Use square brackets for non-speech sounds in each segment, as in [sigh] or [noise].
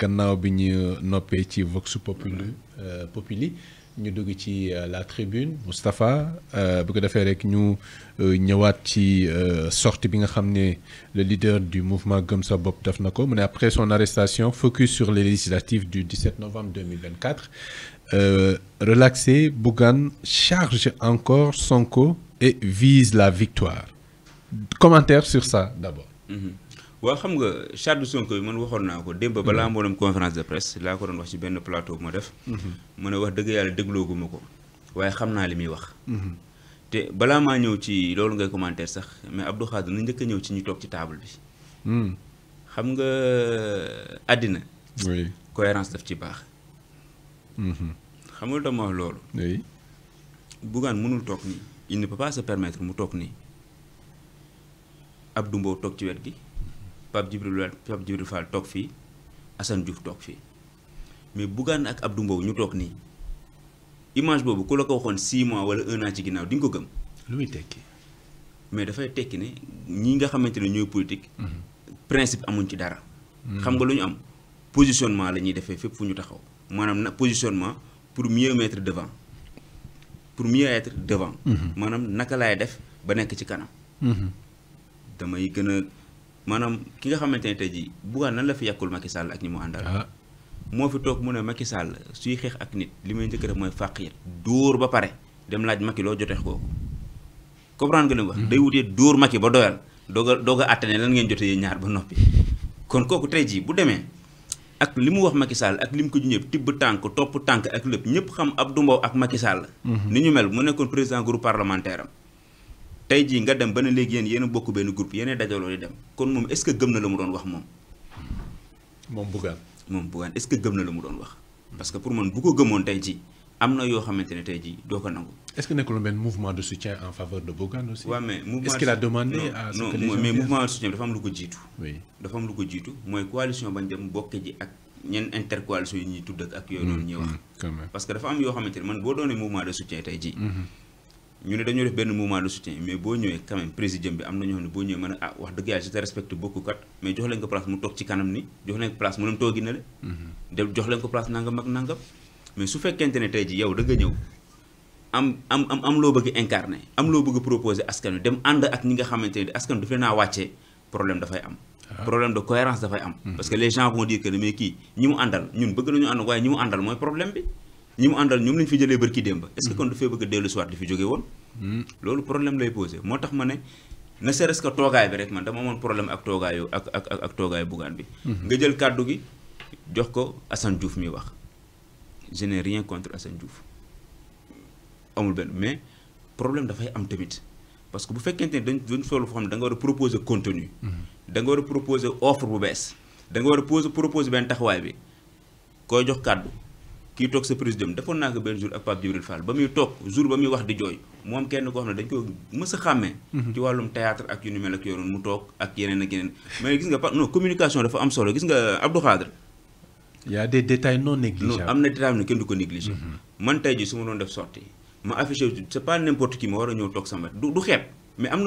gannaaw bi ñu ci Vox Populi euh, Populi ñu dugg euh, la tribune Moustapha euh, bu ko defee rek ñu ñëwaat ci sortie bi nga le leader du mouvement Gëm sa def après son arrestation focus sur les législatives du 17 novembre 2024 relaxé Bougan charge encore son Sonko et vise la victoire commentaire sur ça d'abord. Mm-hmm. waaw xam nga Charte Sonko bi man waxoon naa ko démb balaa moo mm-hmm. dem conférence de presse laa ko doon wax ci benn plateau bu ma def. Mm-hmm. mu ne wax dëgg yàlla déglooguma ma ko waaye xam naa li muy wax. Mm-hmm. te balaa maa ñëw ci loolu ngay commentaire sax mais Abdou Khadre na njëkk a ñëw ci ñu toog ci table bi. Mm. nga euh, àddina. oui daf ci baax. xam nga dama wax loolu. oui. mënul toog nii il ne peut pas permettre mu toog nii ab Mbow toog ci wet gi. Pape Djibril Pape Djibril Fall toog fii Assane Diouf toog fii mais Bougane ak Abdou Mbow ñu toog nii image boobu ku la ko waxoon 6 mois wala 1 an ci ginnaaw di nga ko gëm. lu muy tekki. mais dafay tekki ne ñi nga xamante ne ñooy politique. principe amuñ ci dara. xam nga lu ñu am positionnement la ñuy defee fépp fu ñu taxaw maanaam na positionnement pour mieux mettre devant pour mieux être devant. Mhm. maanaam naka laay def ba nekk ci kanam. Mhm. damay gën maanaam ki nga xamante ne tey jii Bougane nan la fi yàkkul Macky Sall ak ñi mu àndal. Ah. moo fi toog mu ne Macky Sall suy xeex ak nit li may njëkk a def mooy fàq yet dóor ba pare dem laaj Macky loo jotee kooku. comprendre nga li wax. Mm-hmm. day wutee dóor Macky ba doyal doog a doog a àttane lan jotee ñaar ba noppi. kon kooku tey jii bu demee ak li mu wax Macky Sall ak li mu ko juñee tibb tànk topp tànk ak lépp ñëpp xam Abdou Mbow ak Macky Sall. Mm-hmm. ni ñu mel mu nekkoon président groupe parlementaire am. tey jii nga dem ba ne léegi yéen yéen a groupe yene dajalo dajaloo di dem kon mom est-ce que gëm na la mu doon wax mom mom Bougane. mom Bougane est-ce que gëm na la mu doon wax. parce que pour man bu ko gëmoon tey jii am na yoo xamante ne tey ko nangu. est-ce que nekkul ben mouvement de soutien en faveur de Bougane aussi. waaw mais mouvement est-ce qu'il a demandé à ce que les mais mouvement de soutien dafa am lu ko jiitu. oui dafa am lu ko jiitu mooy coalition bañ dem bokki ji ak. ñen intercoalition yi ñuy tudd ak yoy non ñuy wax. Mm-hmm, parce que dafa am yo xamantene man bo doonee mouvement de soutien tey jii. Mm-hmm. ñu ne dañoo def benn moment de soutien mais boo ñëwee quand même président bi am na ñoo xam ne boo ñëwee mën a ah wax dëgg yàlla je te respecte beaucoup mais jox leen ko place mu toog ci kanam ni jox leen ko mu dem toogi na le mm-hmm. de jox leen ko place nangam mais su fekkente ne tey ji yow da nga ñëw am am am loo bëgg incarné am loo bëgg proposé askan wi dem ànd ak ñi nga xamante ne askan wi daf leen naa wàcce problème dafay am ah. problème de cohérence dafay am mm-hmm. parce que les gens vont dire que ne mais kii ñi mu àndal ñun bëgg nañu ànd waaye ñi mu àndal mooy problème bi ñi mu àndal ñoom lañ fi jëlé barki démb est ce que mm-hmm. kon du fe bëgg délu suwat soir joggé won jóge woon mm-hmm. problème lay poser motax mané na ne ne que bi rek man dama amone problème ak toogaayu ak ak ak ak toogaayu bugaan bi mm-hmm. nga jël kàddu gi jox ko Assane Diouf mi wax je n'ai rien contre Assane Diouf amul ben mais problème fay am tamit parce que bu fekkenté dañ dañ solo fo xam da nga wara proposer contenu da nga wara proposer offre bu bess da nga wara proposer proposer ben taxawaay bi koy jox kàddu kii toog sa président defoon naa ko benn jour ak Pape Djibril Fall ba muy toog jour ba muy wax di jooy moom kenn koo xam ne dañ ko mës a xàmmee mhm. ci wàllum théâtre ak yu ak yoroon mu toog ak yeneen ak yeneen mais gis nga pa non communication dafa am solo gis nga Abdou Khadre y a des détails non négligeables am na détails ne kenn du ko négligé mhm. man tey su ma doon def sortie ma affiché c'est pas n'importe qui ma war a ñëw toog sama du du xeeb mais am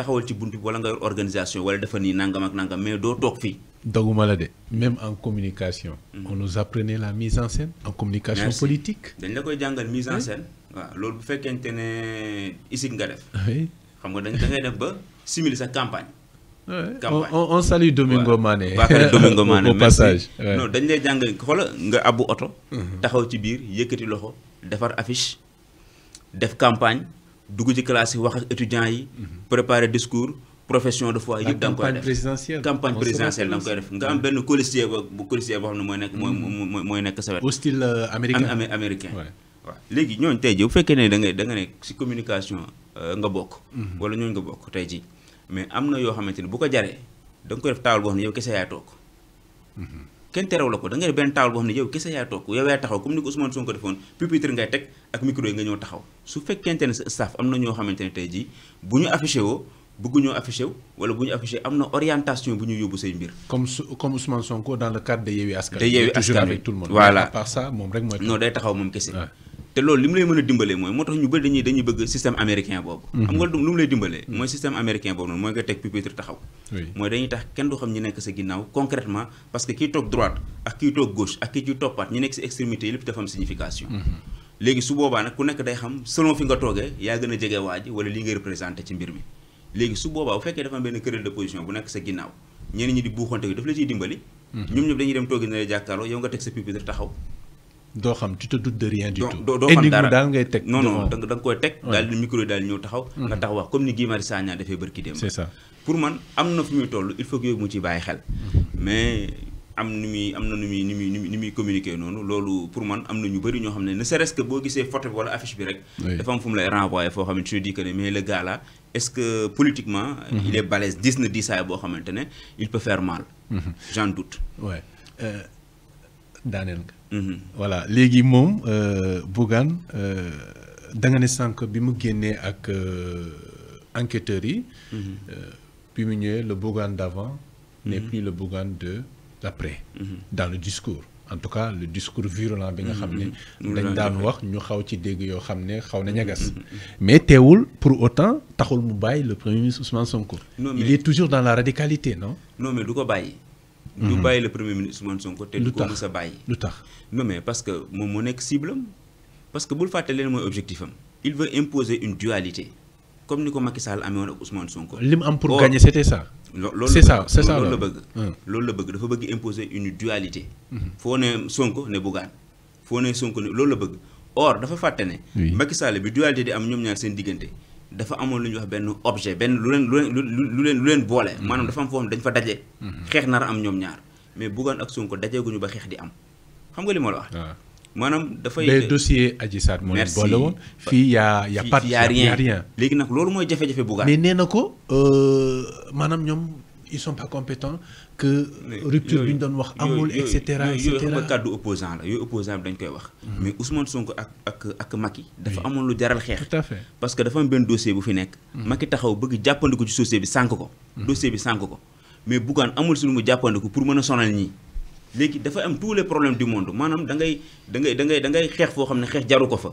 taxawal ci buntu wala nga organisation wala dafa ni nangam ak nangam mais do tok fi daguma la de même en communication. Mm-hmm. on nous apprenait la mise en scène. en communication politique. dañ la koy jangal mise en scène. waaw loolu bu fekkente ne isig nga def. xam nga dañ da ngay def ba simili sa campagne. on on salue Domingo Mané. waaw Domingo Mané [laughs] au passage. non dañ lay jàngal xoola nga abu auto mm-hmm. taxaw ci biir yëkkati loxo defar affiche def campagne. dugg ci classe yi wax ak yi. Mhm. préparer discours profession de foi yëpp. da nga koy def campagne présidentielle campagne nga koy def nga am benn colistier ba bu colistier boo xam ne mooy nekk. mooy mhm. nekk sa wet. Euh, américain am américain. waaw léegi ñooñu tey jii bu fekkee ne da nga da nga ne si communication euh, nga bokk. Mhm. wala ñooñu nga bokk tey jii mais am na yoo xamante ni bu ko jaree da nga koy def taabal boo xam ne yow kese toog. kenn terew la ko da ngay benn taawul boo xam ne yow kese yaa toog yow yaa taxaw comme ni ko Ousmane Sonko defoon pupitre ngay teg ak micro yi nga ñëw taxaw su fekkente ne am na ñoo xamante ne tey ji bu ñu affiché woo bëggu ñoo affiché wu wala bu ñu affiché am na orientation bu ñu yóbbu say mbir. comme su comme Ousmane Sonko dans le cadre de Yewwi Askan. de Yewwi Askan day taxaw moom kese. te loolu li mu lay mën a dimbalee mooy moo tax ñu bëri dañuy dañuy bëgg système américain boobu mhm. xam nga lu mu lay dimbalee mooy système américain boobu noonu mooy nga teg pupitre taxaw mooy dañuy tax kenn du xam ñi nekk si extrémité yi lépp dafa am signification mhm. léegi su boobaa nag ku nekk day xam selon fi nga toogee yaa gën a jege waa ji wala li ngay représenté ci mbir mi léegi su boobaa bu fekkee dafa am benn querelle de position bu nekk sa ginnaaw ñeneen ñi di buuxante gi daf la mhm. sa pupitre doo xam tu te doutes de rien du tout. doo xam dara daal ngay teg. non non da nga koy teg daal di micro daal ñëw taxaw. Mm-hmm. nga tax wax comme ni Guy Marius Sagna dafay bërki dem. c'est ça pour man am na fu muy toll il faut que yooyu mu ci bàyyi xel. Mm-hmm. mais am nu muy am na nu muy nu muy nu muy communiquer noonu loolu pour man am na ñu bëri ñoo xam ne ne serait-ce que boo gisee photo bi wala affiche bi rek. dafa am fu mu lay renvoyer foo xam ne tu te dis que ne mais le gars là est-ce que politiquement. Mm-hmm. il est balèze dix na diisaay boo xamante ne il peut faire mal. j'en doute. ouais. Euh, nga. Mhm. voilà léegi moom euh, Bougane euh, da nga ne sànq bi mu génnee ak euh, enquêteurs yi. Mhm. bi mu ñëwee le Bougane d'avant mhm. n'est plus le Bougane de d'après. dans le discours. en tout cas le discours virulent bi nga xam ne dañ daan wax ñu xaw ci dégg yoo xam ne xaw na ñagas mais teewul pour autant taxul mu bàyyi le premier ministre Ousmane Sonko il est toujours dans la radicalité non non mais du ko bàyyi Mhm. du bàyyi le premier ministre Ousmane Sonko côté du ko mës a non mais parce que mon mon cible parce que bul fàtte est mon objectif il veut imposer une dualité comme nous ko Macky Sall amé on Ousmane Sonko lim am pour gagner c'était ça c'est ça c'est ça lolu la bëgg hum. lolu la bëgg dafa bëgg imposer une dualité mhm. fournir ne Sonko ne Bougane fo ne Sonko lolu la bëgg or dafa faté né Macky Sall bi dualité di am ñom ñaar seen dafa amoon lu ñuy wax benn objet benn lu leen lu leen lu leen lu leen boole. Mm-hmm. maanaam dafa am foo dañ fa daje. Mm-hmm. xeex nar am ñoom ñaar mais Bougane ak Sonko dajeeguñu ba xeex di am xam nga li ma la wax. Ah. maanaam dafay les dossiers Adji Sarr moo leen boole woon. fii y' a y' a pas rien léegi nag loolu mooy jafe-jafe Bougane. mais nee na ko euh, maanaam ñoom. ils sont pas compétents que rupture bi ñu wax amul et cetera et cetera yooyu xam un cadre opposant la yooyu opposant dañ koy wax mhm. mais Ousmane Sonko ak ak ak Macky dafa amoon lu jaral xeex tout à fait parce que dafa am ben dossier bu fi nek mhm. Macky taxaw bëgg jappandiku ci dossier bi sànk ko mhm. dossier bi sànk ko mais bougan amul suñu mu jappandiku pour mën sonal ñii légui dafa am tous les problèmes du monde manam da ngay da ngay da ngay da ngay xeex fo xam ne jaru ko fa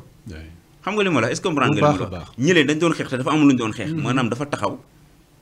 xam nga li la est-ce que comprendre nga li ma la ñi leen dañ doon xeex dafa amul lu ñu doon xeex manam dafa taxaw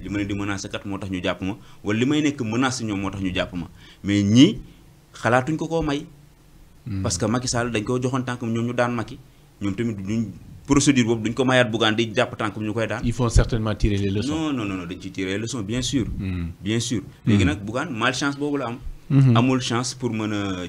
li ma di menacer kat motax ñu jàpp ma wala li may nekk menace ñoom moo ñu jàpp ma mais ñi xalaatuñ ko ko may. Hmm. parce que Macky Sall dañ ko joxon tànk ñom ñu daan Macky ñom tamit duñ procédure bobu duñ ko mayat bugan di japp tànk ñu koy daan. ils font certainement tirer les leçons. non non non dañ ci tirer les leçons bien sûr. Hmm. bien sûr léegi hmm. nak bugan malchance bobu la am. amul chance pour mën a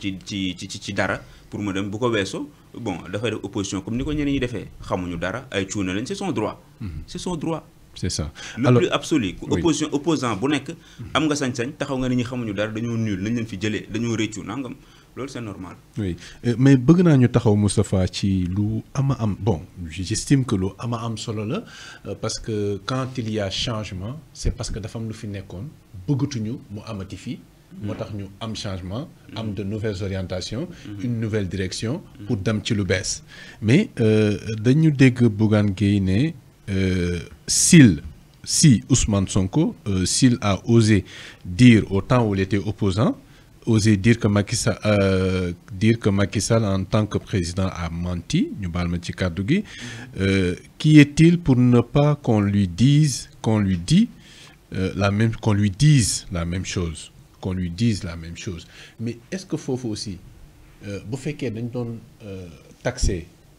ci ci ci ci dara pour mu dem bu ko wesso bon dafa def opposition comme niko ko ñeneen ñi defee xamuñu dara ay ciuna lañ c'est son droit. c'est son droit c'est ça le plus absolu opposition opposant bu nekk am nga sañ-sañ taxaw nga ni xamuñu dara dañoo nul nañ leen fi jëlee dañoo réccu nangam loolu c'est normal oui euh, mais bëgg naa taxaw Moustapha ci lu ama am bon j'estime que lu ama am solo la euh, parce que quand il y a changement c'est parce que dafa am lu fi nekkoon bëggatuñu Mo amati fii moo tax ñu am changement am de nouvelles orientations une nouvelle direction pour dem ci lu bees mais euh, dañu dégg Bougane Gueye euh, s'il, si Ousmane Sonko, euh, s'il a osé dire au temps où il était opposant, osé dire que Macky Sall, euh, dire que Macky Sall en tant que président a menti, euh, qui est-il pour ne pas qu'on lui dise qu'on lui dit la même qu'on lui dise la même chose, qu'on lui dise la même chose. Mais est-ce que faut aussi, vous faites taxé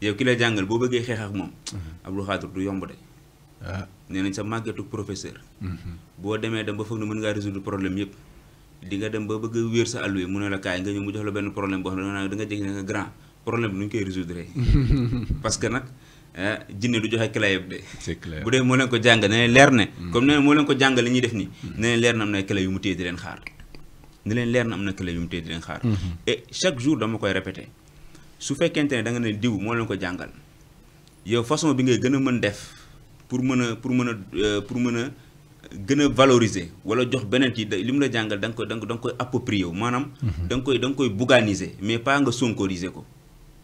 yow ki lay jàngal boo bëggee xeex ak moom. Mhm. Abdou Khadre du yomb de. waaw ah. nañ sa màggetu professeur. Mhm. boo demee dem ba foog ne mën ngaa résoudre problème yëpp. di nga dem ba bëgg a wéer sa àll yi mu ne la kaay nga ñëw mu jox la benn problème boo xam ne da nga grand problème bi nu ñu koy résoudre. [laughs] parce que nag eh, jinne du joxe clé yëpp de. bu dee moo leen ko jàng na leen leer ne. comme nee moo leen ko jàng li ñuy def nii. Mhm. na leen leer na am na clé yu mu téye di leen xaar. na leen leer na am na clé mu téye di leen xaar. et chaque koy répéter. su fekkente ne da nga ne diw moo leen ko jàngal yow façon bi ngay gën a mën def pour mën a pour mën a euh, pour mën a gën a valoriser wala jox beneen kii li mu la jàngal da nga koy da nga koy approprier wu maanaam. Mhm. da nga koy da nga koy bouganiser mais pas nga sonkoriser ko.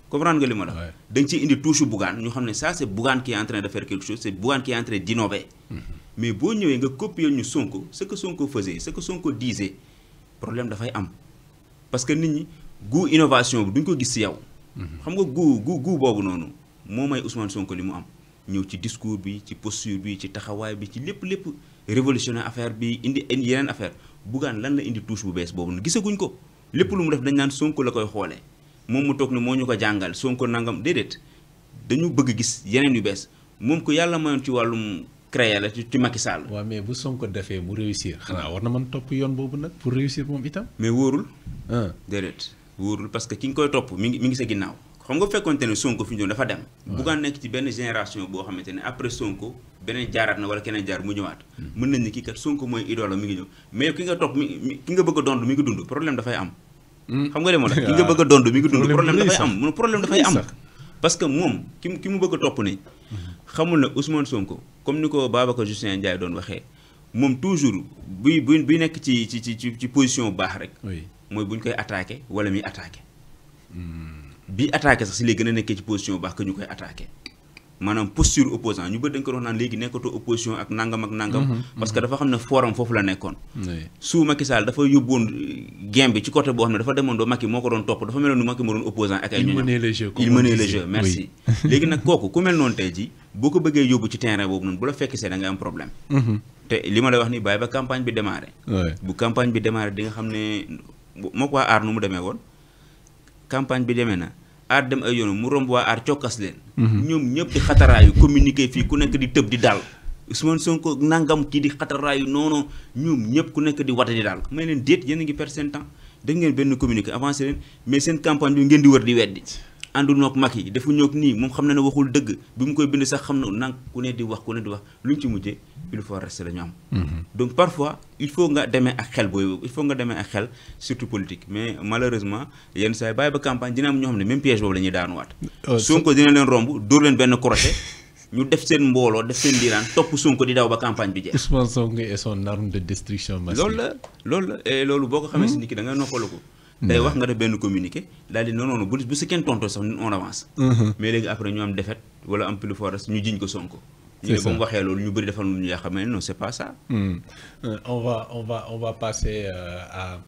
comprendre nga li ma la wax. da nga ciy indi touche bugaan ñu xam ne ça c' est qui est en train de faire quelque chose c' est qui est en train d' innover. Mhm. mais boo ñëwee nga copier ñu Sonko ce que Sonko faisait ce que Sonko disait problème dafay am parce que nit ñi goût innovation bi duñ ko gis si yow. xam nga guu guu guu boobu noonu moo may Ousmane sonk li mu am ñëw ci discours bi ci posture bi ci taxawaay bi ci lépp lépp révolutionnaire affaire bi indi indi yeneen affaire buggaan lan la indi touche bu bees boobu gisaguñ ko lépp lu mu def dañ naan sonk la koy xoolee moom mu toog ne moo ñu ko jàngal Sonko nangam déedéet dañu bëgg gis yeneen yu bees moom ko yàlla mayoon ci wàllum créer la ci Macky Sall. waa mais bu sonk defee mu réussir. xanaa war na mën topp yoon boobu nag pour réussir moom itam. mais wóorul. Ah. déedéet. parce que ki on mi ngi sa ginnaw xam nga Sonko fi ñu dafa dem. ci génération bo xamantene après Sonko benen jaarat na wala keneen jaar mu ñëwaat. Hmm. mën nañ ni ki Sonko mooy idole mi ngi mais ki nga top ki nga bëgg mi ngi dund problème am. Hmm. xam nga de nga [laughs] bëgg mi ngi dund. problème problème parce que moom ki bëgg top ni hmm. xamul Ousmane Sonko comme nous ko Babacar Justin Ndiaye doon waxee toujours buy position mooy bu ñu koy attaqué wala muy attaqué. bi attaqué sax si lay gën a nekkee ci position baax que ñu koy attaqué maanaam posture opposant ñu bëri dañ ko doon naan léegi nekkatoo opposition ak nangam ak nangam. Mm-hmm, mm-hmm. parce que dafa xam ne forum foofu la nekkoon. su Macky Sall dafa yóbbuwoon game bi ci côté boo xam ne dafa demoon ba Macky moo ko doon topp dafa meloon ni Macky moo doon opposant ak ay. il menait merci. [laughs] léegi nag kooku ku mel noonu tey ji boo ko bëggee moo ko waa aar nu mu demee woon campagne bi demee na aar dem ay yoonu mu romb waa aar cokkas leen mhm. ñoom ñëpp di xataraayu communiqué fii ku nekk di tëb di daal Ousmane Sonko nangam kii di xataraayu noonu ñoom ñëpp ku nekk di wata di daal may leen déet yéen a ngi perdre seen temps def ngeen benn communiqué avancé leen mais seen campagne bi ngeen di wër di weddi àndul ak mag yi defu ñoog nii moom xam na ne waxul dëgg bi mu koy bind sax xam na nang ku ne di wax ku ne di wax lu ñu ci mujjee il faut rester la am mhm. donc parfois il faut nga demee ak xel booy il faut nga demee ak xel surtout politique mais malheureusement yenn saa yi bàyyi ba campagne dina am ñoo xam ne même piège boobu la ñuy daanuwaat euh, Sonko dina leen romb dóor leen benn crochet ñu def seen mbooloo def seen diiraan topp Sonko di daw ba campagne bi jeex Ousmane Sonko et de destruction massive loolu la loolu la loolu boo ko xamee si hmm? ki da nga noppalu ko day wax nga def ben il dal di non non bu bu sekene tonto on avance. Mhm. mais léegi après ñu am défaite wala am plus fort ñu jiñ ko Sonko. ñu nous waxé une ñu bari ñu non c'est pas ça. Hmm. Euh, on va on va on va passer euh, à.